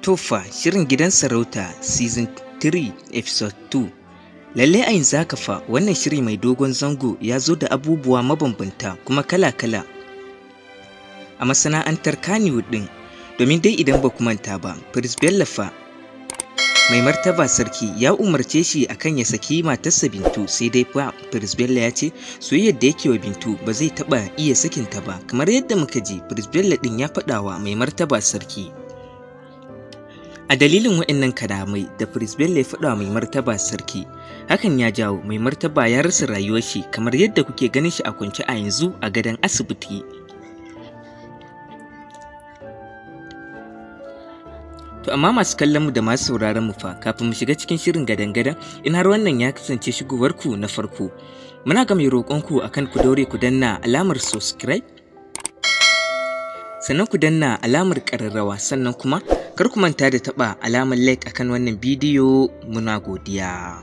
Tofa shirin gidan sarauta season 3 episode 2 Lallai a yanzu haka fa wannan shiri mai dogon zango ya zo da abubuwa mabambanta kuma kala-kala a masana'antar Kaniwood ɗin domin dai idan ba ku manta ba Prince Bellafa mai martaba sarki ya umarce shi akan ya saki matarsa Bintu sai dai fa Prince Bella ya ce soyayyar da yake wa Bintu ba zai taba iya sakinta ba kamar yadda muka ji Prince Bella ɗin ya faɗawa mai martaba sarki A dalilin waɗannan kalamai da Prince ya faɗa mai martaba sarki, hakan ya jawo mai martaba ya rasa rayuwar shi kamar yadda kuke ganin shi a kwance a yanzu a gadon asibiti. To amma masu kallon mu da masu sauraron mu fa kafin mu shiga cikin shirin gadan-gadan in har wannan ya kasance shigowar ku na farko. Muna ga mai roƙon ku akan ku daure ku danna alamar subscribe sannan ku danna alamar ƙararrawa sannan kuma kar ku manta da taɓa alamar like akan wannan bidiyo muna godiya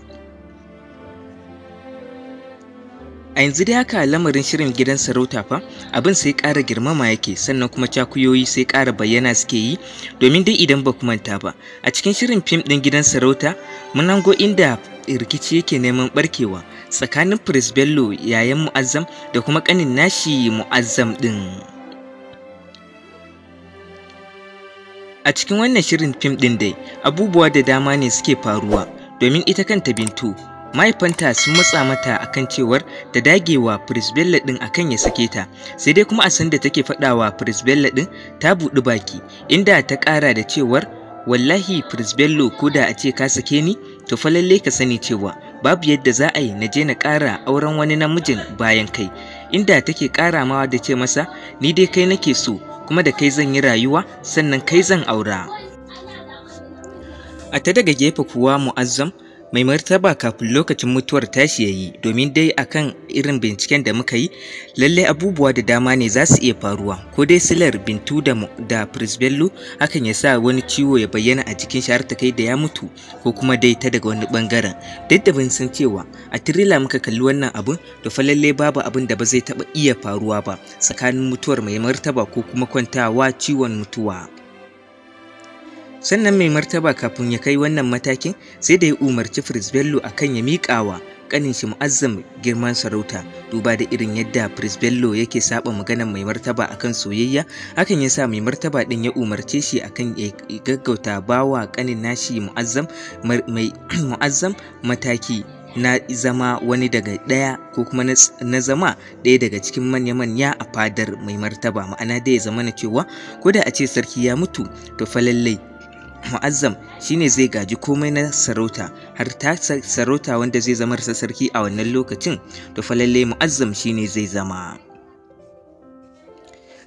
a yanzu dai haka lamarin shirin gidan sarauta fa abin sai ƙara girmama yake sannan kuma cakuyoyi sai ƙara bayyana suke yi domin dai idan ba ku manta ba a cikin shirin fim ɗin gidan sarauta mun inda rikici yake neman barkewa tsakanin prince bello yayan mu'azzam da kuma ƙanin nashi mu'azzam ɗin A cikin wannan shirin fim ɗin dai, abubuwa da dama ne suke faruwa, domin ita kanta Bintu, mahaifanta sun matsa mata akan cewar da dagewa Prisbella ɗin akan ya sake ta, sai dai kuma a san da take faɗawa Prisbella ɗin ta buɗi baki, inda ta ƙara da cewar wallahi Prisbello ko da a ce ka sake ni to fa lalle ka sani cewa babu yadda za a yi na je na ƙara auren wani namijin bayan kai inda take ƙara mawa da ce masa ni dai kai nake so kuma da kai zan yi rayuwa sannan kai zan aura a ta daga gefe kuwa mu'azzam mai martaba kafin lokacin mutuwar tashi ya yi domin dai akan irin binciken da muka yi lallai abubuwa da dama ne za su iya faruwa ko dai silar bintu da, da prisbello hakan ya sa wani ciwo ya bayyana a jikin shahar ta kai da ya mutu ko kuma dai ta daga wani bangaren duk da bin san cewa a tirila muka kalli wannan abu, to fa lallai babu abin da ba zai taba iya faruwa ba tsakanin mutuwar mai martaba ko kuma kwantawa ciwon mutuwa sannan mai martaba kafin ya kai wannan matakin sai da ya umarci Fritz Bello kan ya miƙawa kanin shi mu'azzam girman sarauta duba da irin yadda Fritz Bello yake saba maganar mai martaba akan soyayya hakan ya sa mai martaba din ya umarce shi akan ya gaggauta bawa kanin nashi mu'azzam mai mu'azzam mataki na zama wani daga ɗaya ko kuma na zama ɗaya daga cikin manya-manya a fadar mai martaba ma'ana da ya zama na cewa ko da a ce sarki ya mutu to fa lallai mu'azzam shine zai gaji komai na sarauta har ta sarauta wanda zai zama rasa sarki a wannan lokacin to fa lalle mu'azzam shine zai zama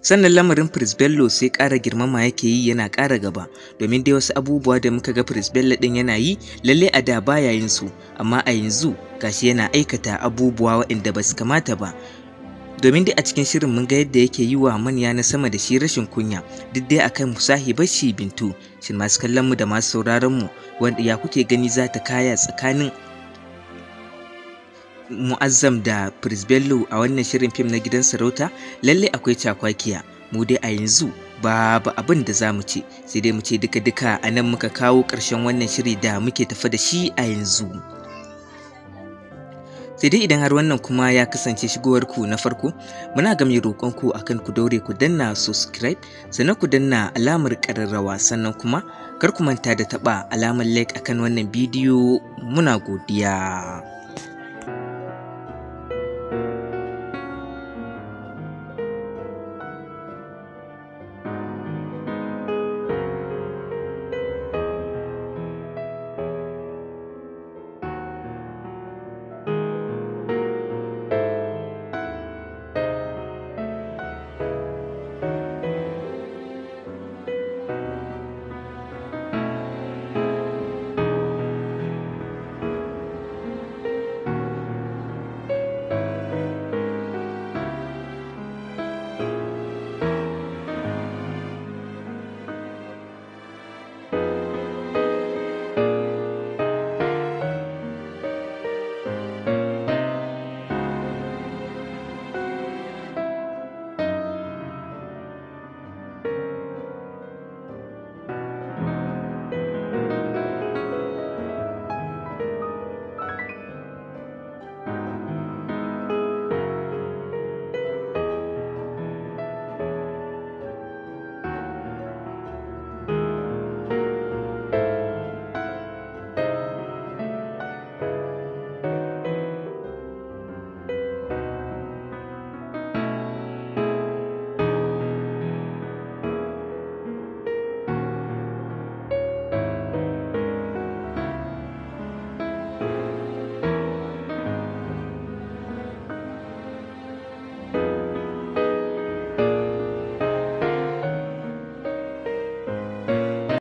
sannan lamarin Prince Bello sai ƙara girmama yake yi yana ƙara gaba domin dai wasu abubuwa da muka ga Prince Bello ɗin yana yi lalle a da baya yin su amma a yanzu gashi yana aikata abubuwa waɗanda ba su kamata ba domin dai a cikin shirin mun ga yadda yake yi wa manya na sama da shi rashin kunya duk dai akan musahi bashi bintu shin masu kallon mu da masu sauraron mu wanda ya kuke gani za ta kaya tsakanin mu'azzam da prisbello a wannan shirin fim na gidan sarauta lalle akwai cakwakiya mu dai a yanzu babu abin da za mu ce sai dai mu ce duka-duka a nan muka kawo ƙarshen wannan shiri da muke tafa da shi a yanzu. sai dai idan har wannan kuma ya kasance shigowar ku na farko muna ga mai roƙon ku akan ku daure ku danna subscribe sannan ku danna alamar ƙararrawa sannan kuma kar ku manta da taɓa alamar like akan wannan bidiyo muna godiya